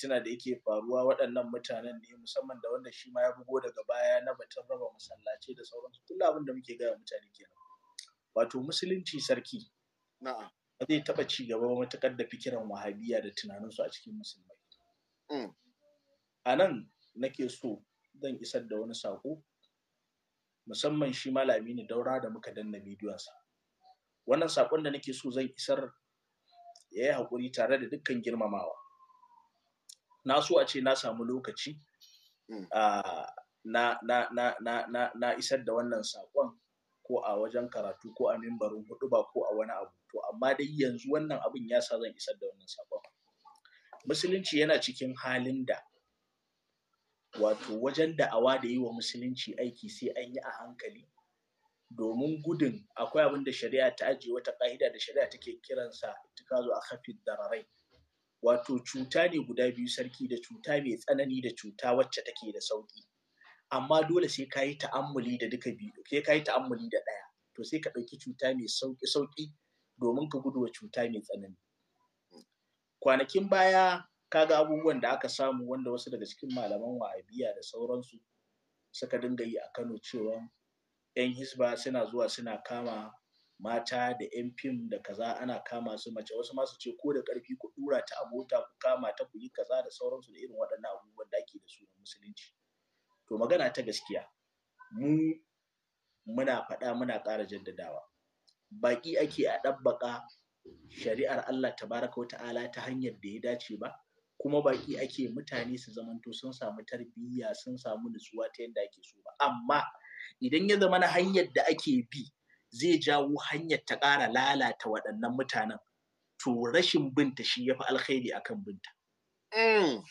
fitina da yake faruwa waɗannan mutanen ne musamman da wanda shi ma ya bugo daga baya na batun raba masallaci da sauransu kula abin da muke gaya mutane kenan wato musulunci sarki ba zai taɓa ci gaba matuƙar da fikiran wahabiya da tunaninsu a cikin musulmai mm. a nan nake so zan isar da wani sako musamman shi malami ne daura da muka danna bidiyonsa wannan sakon da nake so zan isar ya yi haƙuri tare da dukkan girmamawa na so a ce na samu lokaci mm. na, isar da wannan saƙon ko a wajen karatu ko a mimbarin hudu ba ko a wani abu to amma dai yanzu wannan abin ya sa zan isar da wannan saƙon musulunci yana cikin halin da wato wajen da'awa da yi wa musulunci aiki sai an yi a hankali domin gudun akwai abin da shari'a ta ajiye wata ƙa'ida da shari'a take kiransa kazo a kafin dararai wato cuta ne guda biyu sarki da cuta mai tsanani da cuta wacce take da sauƙi amma dole sai ka yi ta'ammuli da duka biyu sai ka yi ta'ammuli da ɗaya to sai ka ɗauki cuta mai sauki sauƙi domin ka gudu wa cuta mai tsanani kwanakin baya ka ga abubuwan da aka samu wanda wasu daga cikin malaman wa'abiya da sauransu suka dinga yi a Kano cewa 'yan hisba suna zuwa suna kama mata da 'yan fim da kaza ana kama su mace wasu masu ce ko da ƙarfi ku ɗura ta a mota ku kama ta ku yi kaza da sauransu da irin waɗannan abubuwan da ake da su na musulunci to magana ta gaskiya mu muna faɗa muna ƙara jaddadawa baƙi ake a ɗabbaƙa shari'ar Allah tabaraka wa ta'ala ta hanyar da ya dace ba kuma baƙi ake mutane su zamanto sun samu tarbiyya sun samu nutsuwa ta yadda ake so ba amma idan ya zama na hanyar da ake bi zai jawo hanyar ta ƙara lalata waɗannan mutanen to rashin binta shi ya fi alkhairi akan binta. Mm.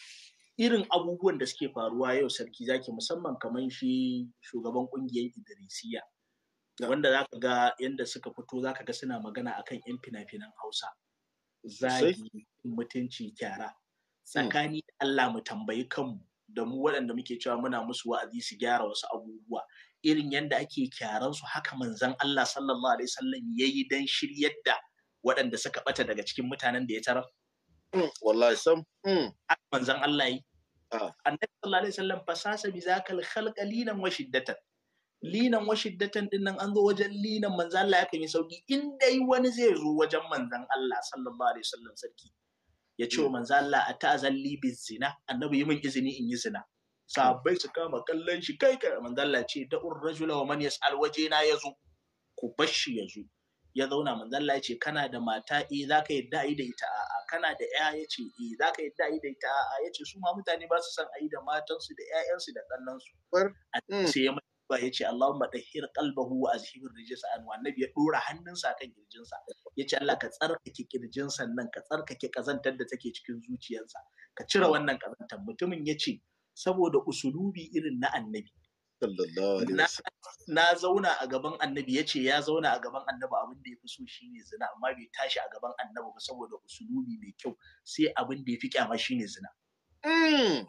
Irin abubuwan da suke faruwa yau sarki zaki musamman kamar shi shugaban ƙungiyar Idrisiya. Wanda za ka ga yadda suka fito za ka ga suna magana akan 'yan fina-finan Hausa. Zagi, mutunci, kyara. Mm. Tsakani Allah mu tambayi kanmu da mu waɗanda muke cewa muna musu wa'azi su gyara wasu abubuwa. irin yadda ake su haka manzan Allah sallallahu alaihi wasallam ya yi don shiryar da waɗanda suka ɓata daga cikin mutanen da ya tarar. Hmm, wallahi sam. Hmm. Haka manzan Allah yi. Ah. Annabi sallallahu alaihi wasallam fasasa bi zakal khalqalina wa shiddatan. Linan wa shiddatan din nan an zo wajen linan manzan Allah ya kan yi sauki in dai wani zai zo wajen manzan Allah sallallahu alaihi wasallam sarki. Ya ce wa hmm. manzan Allah ata zalli bi zina annabi yi min izini in yi zina. sahabbai su kama kallon shi kai ka manzalla ce da ur rajula wa man yas'al wajena yazo ku bar shi yazo ya zauna manzalla ya ce kana da mata e eh, zaka yadda ai da ita a a kana da ƴa ya ce eh, zaka yadda ai da ita a." ya ce su ma mutane ba su san ai da matansu da 'ya'yansu, da kannansu mm. sai ya ba ya ce Allahumma dahhir qalbahu wa azhib rijsa an wa annabi ya dora hannunsa kan kirjinsa ya ce Allah ka tsarkake kirjinsa nan ka tsarkake kazantar da take cikin zuciyarsa ka cire mm. wannan kazantar mutumin ya ce saboda usulubi irin na annabi na zauna a gaban annabi ya ce ya zauna a gaban annabi abin da ya fi so shine zina amma bai tashi a gaban annabi ba saboda usulubi mai kyau sai abin da ya fi kyama shine zina hmm.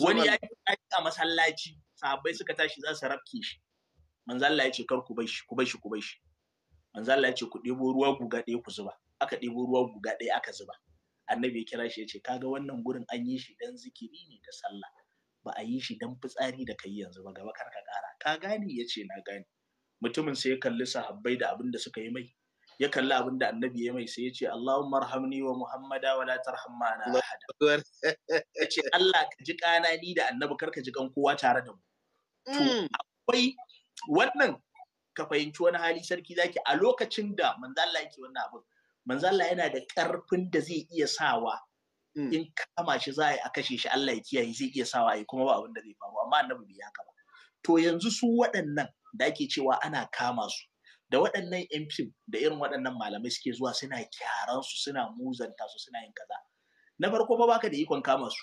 wani ya yi a masallaci sahabbai suka tashi za su rafke shi manzo ya ce kar ku bai shi ku bai shi ku bai shi manzo ya ce ku ɗebo ruwa guga ɗaya ku zuba aka ɗebo ruwa guga ɗaya aka zuba annabi ya kira shi ya ce kaga wannan gurin an yi shi dan zikiri ne da sallah ba a yi shi dan fitsari da kai yanzu ba gaba kar ka ƙara ka gane ya ce na gane mutumin sai ya kalli sahabbai da abin da suka yi mai ya kalli abin da annabi ya mai sai ya ce Allahumma arhamni wa Muhammada wa la tarham ma'ana ahada ya ce Allah ka ji kana ni da annabi kar ka ji kan kowa tare da mu to mm. akwai wannan ka fahimci wani hali sarki zaki a lokacin da manzo Allah yake wannan abin manzo yana da karfin da zai iya sawa Mm. in kama shi za a yi a kashe shi Allah ya kiyaye zai iya sawa yi kuma ba abin da zai faru amma annabi bai ya ba to yanzu su waɗannan da ake cewa ana kama su da waɗannan yan fim da irin waɗannan malamai suke zuwa suna kyaran su suna muzanta su suna yin kaza na farko ba baka da ikon kama su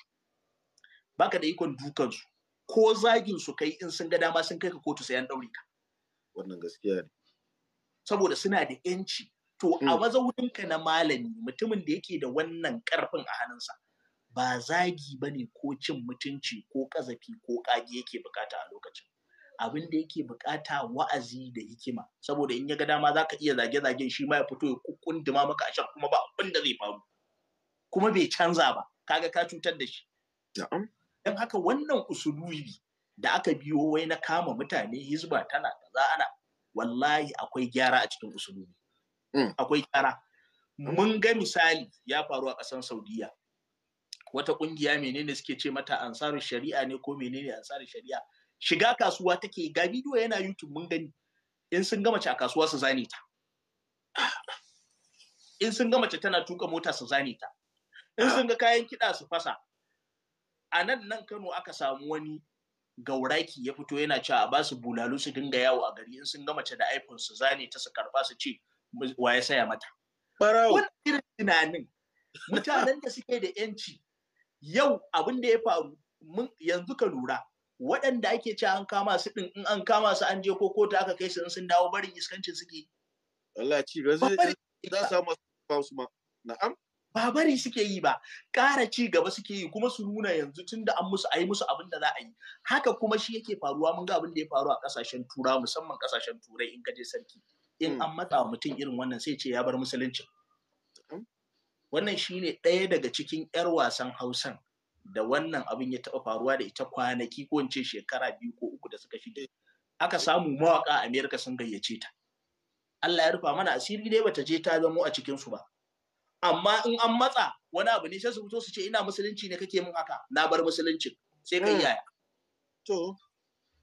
baka da ikon dukan su ko zagin su kai in sun ga dama sun kai ka kotu sai an daure ka wannan gaskiya ne saboda suna da yanci To a mm. mazauninka na malami mutumin da yake da wannan karfin a hannunsa ba zagi ba ne ko cin mutunci ko kazafi ko kage yake bukata a lokacin. Abin da yake bukata wa'azi da hikima saboda in ya ga dama zaka iya zage-zagen shi ma ya fito ya kunduma maka a shan kuma ba abin da zai faru. Kuma bai canza ba kaga ka cutar da shi. dan haka wannan usulubi da aka biyo wai na kama mutane hizba tana kaza ana wallahi akwai gyara a cikin usulubi. Mm. akwai kara mm. mun ga misali ya faru a ƙasar saudiya wata ƙungiya menene suke ce mata ansarin shari'a ne ko menene ansarin shari'a shiga kasuwa take ga bidiyo yana youtube mun gani in sun gama a kasuwa su zane ta in sun ga mace tana tuka mota su zane ta in sun ga kayan kiɗa su fasa a nan nan kano aka samu wani gauraki ya fito yana cewa a basu bulalu su dinga yawo a gari in sun ga mace da iphone su zane ta su karba su ce wa ya saya mata Wani irin tunanin mutanen da suke da yanci yau abin da ya faru yanzu ka lura waɗanda ake ce an kama su ɗin in an kama su an je ko ta aka kai su sun dawo barin iskancin suke Allah ci za su masu ma na'am ba bari suke yi ba ƙara ci gaba suke yi kuma su nuna yanzu tun da an musu a yi musu abin da za a yi haka kuma shi yake faruwa mun ga abin da ya faru a ƙasashen tura musamman ƙasashen turai in ka je sarki in mm. an matsa mutum irin wannan sai ce ya bar musulunci mm. wannan shi ne ɗaya daga cikin 'yar wasan hausan da wannan abin ya taɓa faruwa da ita kwanaki ko ce shekara biyu ko uku da suka shiga aka samu mawaƙa a amerika sun gayyace ta allah ya rufa mana asiri dai bata je ta zamo a cikin su ba amma in an matsa wani abu ne sai su fito su ce ina musulunci ne kake min haka na bar musulunci sai kai mm. yaya to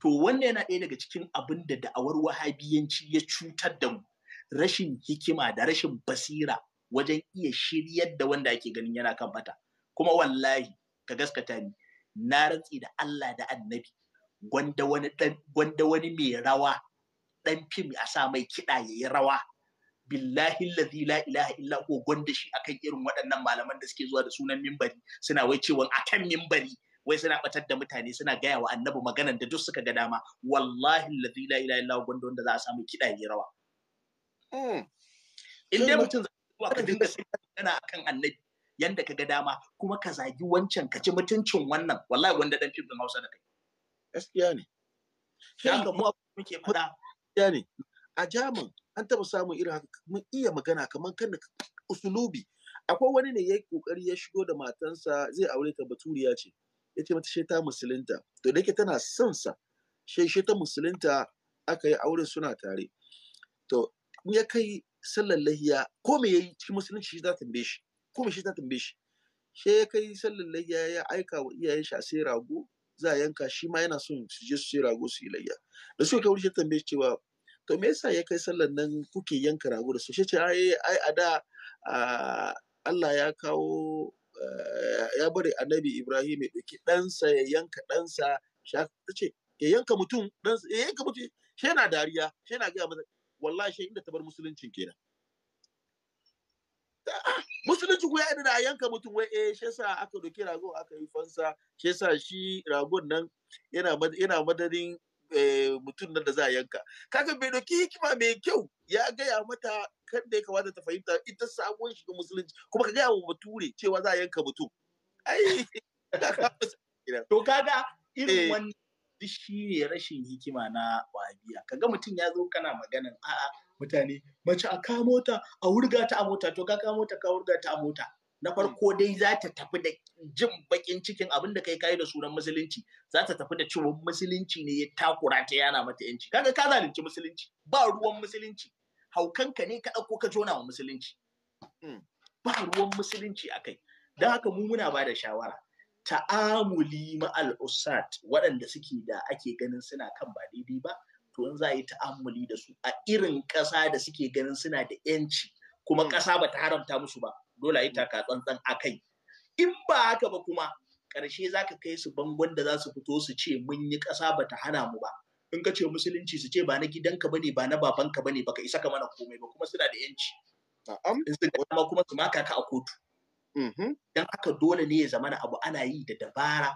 to wanda yana ɗaya daga cikin abin da da'awar wahabiyanci ya cutar da mu rashin hikima da rashin basira wajen iya shiryar da wanda ake ganin yana kan bata kuma wallahi ka gaskata ni na rantsi da Allah da annabi gwanda wani gwanda mai rawa dan fim a sa mai kiɗa ya yi rawa billahi la ilaha illa huwa gwanda shi akan irin waɗannan malaman da suke zuwa da sunan mimbari suna wai cewa akan mimbari wai suna batar da mutane suna gaya wa annabi maganan da duk suka ga dama wallahi alladhi la ilaha illa gondo wanda za a samu kiɗa ya rawa hmm. in dai mutum zuwa ka dinga sai magana akan annabi yanda ka ga dama kuma ka zagi wancan ka ci mutuncin wannan wallahi wanda dan fim din Hausa da kai gaskiya ne dan ga mu muke faɗa gaskiya ne a jamin an taɓa samun irin haka mun iya magana kamar kan usulubi akwai wani ne ya yi kokari ya shigo da matansa zai aure ta baturiya ce ya ce mata ta musulunta to da yake tana son sa shi ta musulunta aka yi auren suna tare to in ya kai sallar lahiya ko me yayi cikin musulunci shi ta tambaye shi ko me shi ta tambaye shi shi ya kai sallar lahiya ya aika wa iyayen shi a sai rago za a yanka shi ma yana son su je su sai rago su yi layya da suka kawo shi tambaye shi cewa to me yasa ya kai sallar nan kuke yanka rago da su shi ce ai ai a da Allah ya kawo ya bari annabi ibrahim ya ɗauki ɗansa ya yanka ɗansa ce ya yanka mutum ɗansa ya yanka mutum shi yana dariya shi yana gaya masa wallahi shi inda ta bar musuluncin kenan ah, musulunci ko ya da a yanka mutum wai eh shi yasa aka doki rago aka yi fansa shi yasa shi ragon nan yana yana madadin eh, mutum nan da za a yanka kaga bai doki hikima mai kyau ya gaya mata kan da ya kamata ta fahimta ita sabon shiga musulunci kuma ka gaya wa bature cewa za a yanka mutum to kaga irin eh. wannan shi ne rashin hikima na wahabiya kaga mutum ya zo kana maganan a'a mutane mace a ka mota a wurga ta a mota to ka ka mota ka wurga ta a mota na hmm. farko dai za ta tafi da jin bakin cikin abin da kai kayi da sunan musulunci za ta tafi da ciwon musulunci ne ya takura ta yana mata yanci kaga ka zalunci musulunci ba ruwan musulunci haukanka ne ka ɗauko ka jona wa musulunci hmm. ba ruwan musulunci a kai don haka mu muna bada shawara ta'amuli ma'al usat waɗanda suke da ake ganin suna kan ba daidai ba to in za a yi ta'amuli da su a irin ƙasa da suke ganin suna da yanci kuma mm. ƙasa ba ta haramta musu ba dole a yi taka tsantsan a kai in ba haka ba kuma ƙarshe za ka kai su bangon da za su fito su ce mun yi ƙasa ba ta hana mu ba in ka ce musulunci su ce ba na gidanka bane ba na babanka bane baka isa ka mana komai ba kuma suna da yanci in su kuma su maka ka a kotu Mm-hmm. Don haka dole ne ya zamana abu ana yi da dabara,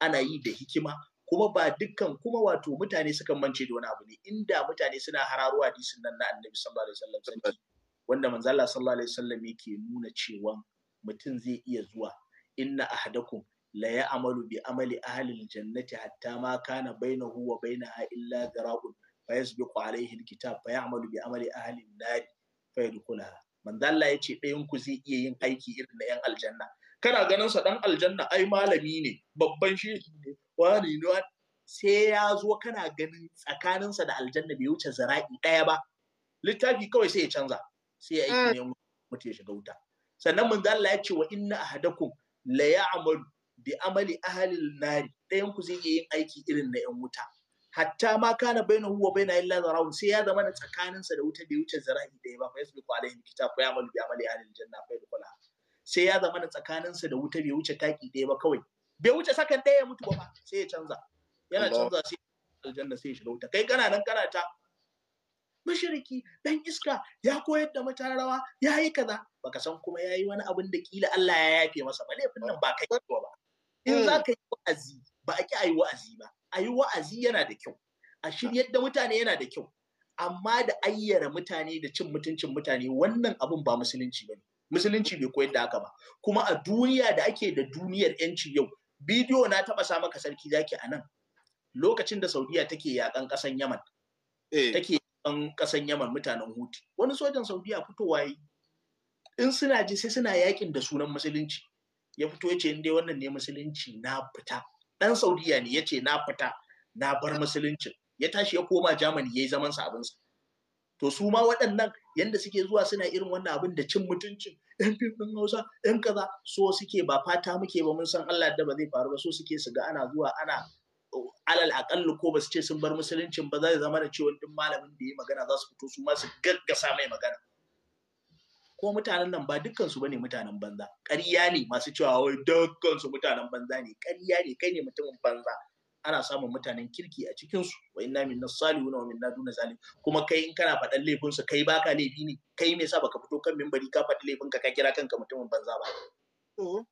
ana yi da hikima, kuma ba dukkan kuma wato mutane sukan mance da wani abu ne inda mutane suna hararo hadisin nan na annabi sallallahu alaihi wasallam wanda manzo Allah sallallahu alaihi wasallam yake nuna cewa mutum zai iya zuwa inna ahadakum la ya'malu bi amali ahli jannati hatta ma kana bainahu wa bainaha illa fa yasbiqu alaihi alkitab fa ya'malu bi amali ahli an-nar fa yadkhulaha Manzalla ya ce ɗayan zai iya yin aiki irin na 'yan aljanna kana ganin sa dan aljanna ai malami ne babban shi ne wani ne sai ya zo kana ganin sa da aljanna bai wuce zara'i ɗaya ba littafi kawai sai ya canza sai ya aiki ah. ne mutu ya shiga wuta sannan manzo ya ce wa inna ahadakum la ya'malu bi amali ahli nari ɗayan ku zai iya yin aiki irin na 'yan wuta hatta ma kana baina huwa baina illa zarau sai ya zama na tsakaninsa da wuta bai wuce zara'i ɗaya ba fa yasbiqu alaihi kitab fa ya'malu bi amali ahli aljanna fa yadkhula sai ya zama na tsakaninsa da wuta bai wuce taki ɗaya ba kawai bai wuce sakan ɗaya ya mutu ba sai ya canza yana canza sai aljanna sai ya shiga wuta kai kana nan kana ta mashiriki dan iska ya koyar da matarawa ya yi kaza baka san kuma ya yi wani abin da kila Allah ya yafe masa ba laifin nan ba kai ba in hmm. za ka yi wa'azi ba a ki a yi wa'azi ba a yi wa'azi yana da kyau a shiryar da mutane yana da kyau amma da ayyara mutane da cin mutuncin mutane wannan abin ba musulunci ba ne musulunci bai koyar da haka ba kuma a duniya da ake da duniyar yanci yau bidiyo na taba sa maka sarki zaki a nan lokacin da saudiya take yakan kasan yaman eh. take yakan kasan yaman mutanen hutu wani sojan saudiya fitowa yi in suna ji sai suna yakin da sunan musulunci ya fito ya ce inda dai wannan ne musulunci na fita dan saudiya ne ya ce na fita na bar musuluncin ya tashi ya koma germany ya yi zaman sa abinsa to su ma waɗannan yanda suke zuwa suna irin wannan abin da cin mutuncin yan fifin hausa yan kaza so suke ba fata muke ba mun san allah da ba zai faru ba so suke su ga ana zuwa ana alal aƙalla ko ba su ce sun bar musuluncin ba zai zama da cewa duk malamin da ya magana za su fito su ma su gaggasa mai magana ko mutanen nan ba dukkansu bane mutanen banza ƙarya ne masu cewa wai dukkansu mutanen banza ne ƙarya ne kai ne mutumin banza ana samun mutanen kirki a cikin su wa inna min salihuna wa min naduna zalim kuma kai in kana faɗan laifin su kai baka laifi ne kai me yasa baka fito kan minbari ka faɗi laifin ka ka kira kanka mutumin banza ba mm-hmm.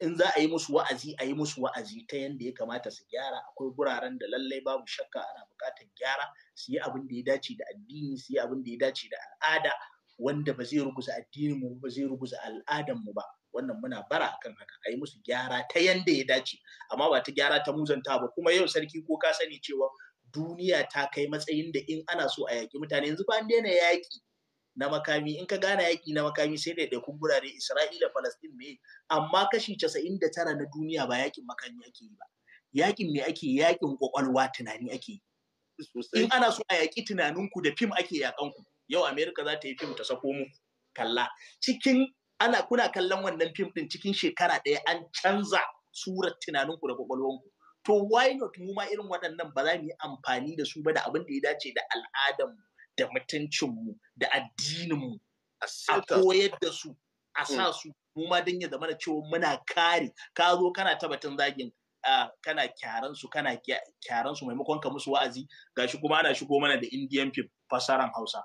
in za a yi musu wa'azi a yi musu wa'azi ta yanda ya kamata su gyara akwai guraren da lallai babu shakka ana buƙatar gyara su yi abin da ya dace da addini su yi abin da ya dace da al'ada wanda ba zai ruguza addinin mu ba zai ruguza al'adan mu ba wannan muna bara akan haka a yi musu gyara ta yanda ya dace amma ba ta gyara ta muzanta ba kuma yau sarki ko ka sani cewa duniya ta kai matsayin da in ana so a yaƙi mutane yanzu ba an daina yaƙi na makami in ka gana yaƙi na makami sai da ɗaiɗaikun ne Isra'ila Falastin me amma kashi casa'in da tara na duniya ba yaƙin makami ake yi ba yaƙin me ake yaƙin ƙwaƙwalwa tunani ake yi in ana so a yaƙi tunaninku da fim ake yaƙanku yau Amerika za ta yi fim ta sako mu kalla cikin ana kuna kallon wannan fim din cikin shekara ɗaya an canza surar tunaninku da ku to why not mu ma irin waɗannan ba za mu yi amfani da su ba da abin da ya dace da mu da mu da addininmu a koyar da su a sa mm. su mu ma don ya zama da cewa muna kare ka zo kana tabbatin zagin kana kyaran su kana kyaran su maimakon ka musu wa'azi gashi kuma ana shigo mana da indian fim fasaran hausa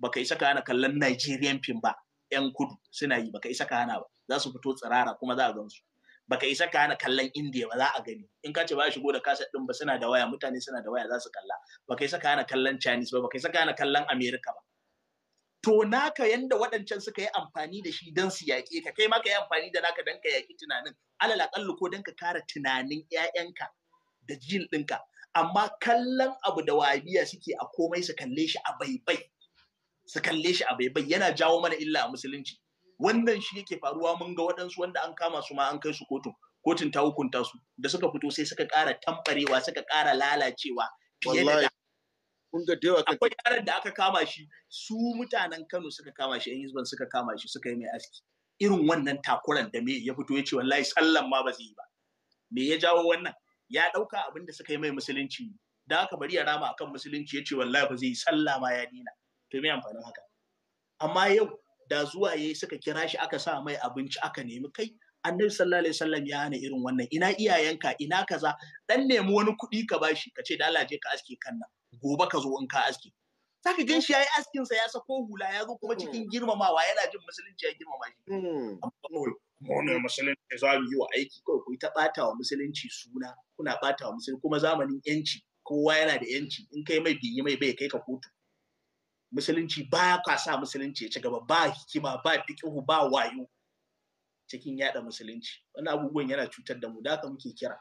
baka isa ka hana kallon Nigerian fim ba yan kudu suna yi baka isa ka hana ba za su fito tsirara kuma za a su. baka isa ka hana kallon India ba za a gani in ka ce ba shigo da kaset din ba suna da waya mutane suna da waya za su kalla baka isa ka hana kallon Chinese ba baka isa ka hana kallon America ba to naka yanda waɗancan suka yi amfani da shi don su yaƙe ka kai ma ka yi amfani da naka don ka yaƙi tunanin alal aƙallu ko don ka kara tunanin 'ya'yanka da jin ɗinka amma kallon abu da wabiya suke a komai su kalle shi a baibai su kalle shi a bai-bai yana jawo mana illa a musulunci wannan shi yake faruwa mun ga waɗansu wanda an kama su ma an kai su kotun kotun ta hukunta su da suka fito sai suka ƙara tambarewa suka ƙara lalacewa fiye da akwai yaran da aka kama shi su mutanen Kano suka kama shi yan Hizban suka kama shi suka yi mai aski irin wannan takuran da me ya fito ya ce wallahi sallan ma ba zai yi ba me ya jawo wannan ya ɗauka abin da suka yi mai musulunci da aka bari ya rama akan musulunci ya ce wallahi ba zai yi sallah ma ya dina to me amfanin haka amma yau da zuwa yayi suka kira shi aka sa mai abinci aka nemi kai annabi sallallahu alaihi wasallam ya hana irin wannan ina iyayenka ina kaza dan nemi wani kuɗi ka bashi ka ce dalaje je ka aske kan nan gobe ka zo in ka aske saka gan shi yayi askin sa ya sako hula ya zo kuma cikin hmm. girmamawa yana jin musulunci ya girmama shi wannan hmm. musulunci za mu yi wa aiki kawai ku ta bata wa musulunci suna kuna bata wa musulunci kuma zamanin yanci kowa yana da yanci in kai mai biyi mai bai kai ka kotu musulunci ba ka sa musulunci ya ci gaba ba hikima ba fikihu ba wayo cikin yada musulunci wannan abubuwan yana cutar da mu da ka muke kira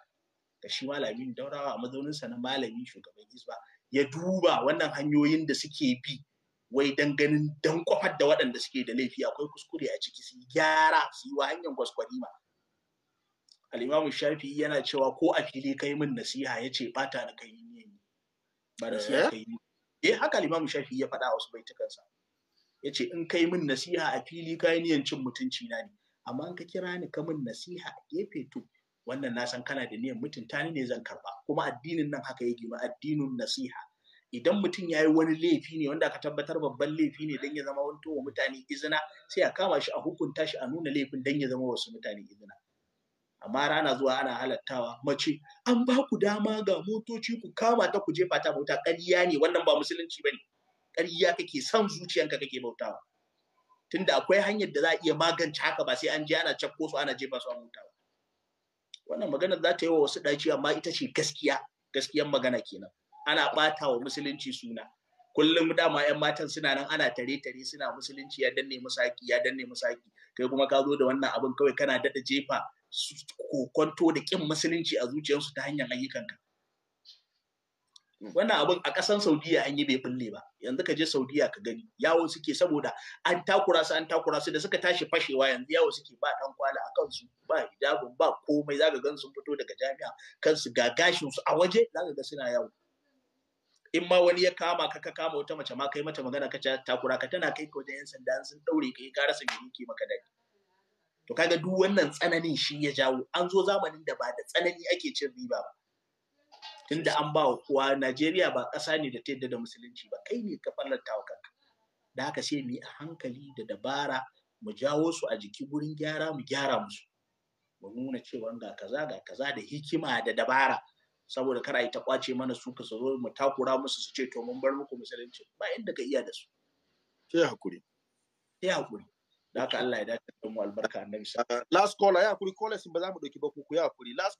da shi malamin daurawa a sa na malami shugaban isba ya duba wannan hanyoyin da suke bi wai dan ganin dan kwafar da waɗanda suke da laifi akwai kuskure a ciki su gyara su yi wa hanyar kwaskwarima al'imamu shafi yana cewa ko a fili kai min nasiha ya ce bata da kai yi ba nasiha kai yi eh haka limamu shafi ya faɗa a wasu baitukansa ya ce in kai min nasiha a fili ka niyan cin mutunci na ne amma in ka kira ni ka min nasiha a gefe to wannan na san kana da niyan mutunta ni ne zan karba kuma addinin nan haka ya gima addinin nasiha idan mutum ya yi wani laifi ne wanda aka tabbatar babban laifi ne don ya zama wani wa mutane izina sai a kama shi a hukunta shi a nuna laifin don ya zama wasu mutane izina amma rana zuwa ana halattawa mace an ba ku dama ga motoci ku kama ta ku jefa ta bauta ƙarya ne wannan ba musulunci bane ƙarya kake san zuciyanka kake bautawa tunda akwai hanyar da za a iya magance haka ba sai an je ana cakko su ana jefa su a mota ba wannan magana za ta yi wa wasu ɗaci amma ita ce gaskiya gaskiyan magana kenan ana ɓata wa musulunci suna kullum dama yan matan suna nan ana tare tare suna musulunci ya danne musaki ya danne musaki kai kuma ka zo da wannan abin kawai kana daɗa jefa kokonto da ƙin musulunci a zuciyarsu ta hanyar ayyukan ka. wannan abun a ƙasan saudiya an yi bai bulle ba yanzu ka je saudiya ka gani yawo suke saboda an takura su an takura su da suka tashi fashewa yanzu yawo suke ba ɗan kwala a kansu ba hijabin ba komai zaka gan sun fito daga jami'a kansu ga gashin su a waje zaka ga suna yawo in ma wani ya kama ka ka kama wata mace ma kai mata magana ka takura ka tana kai ka wajen yan sanda sun ɗaure, kai ka rasa me yake maka dadi to kaga duk wannan tsananin shi ya jawo an zo zamanin da ba da tsanani ake cin riba ba tunda an ba kowa Najeriya ba ƙasa ne da ta yadda da musulunci ba kai ne ka fallanta wa kanka da haka sai mu yi a hankali da dabara mu jawo su a jiki gurin gyara mu gyara musu mu nuna cewa ga kaza ga kaza da hikima da dabara saboda kar a yi ta kwace mana su ka zo mu takura musu su ce to mun bar muku musulunci ba inda ka iya da su sai hakuri sai hakuri da haka Allah ya dace da mu albarka annabi ah, last caller ya kuri caller sun ba za mu dauki ba ku ya last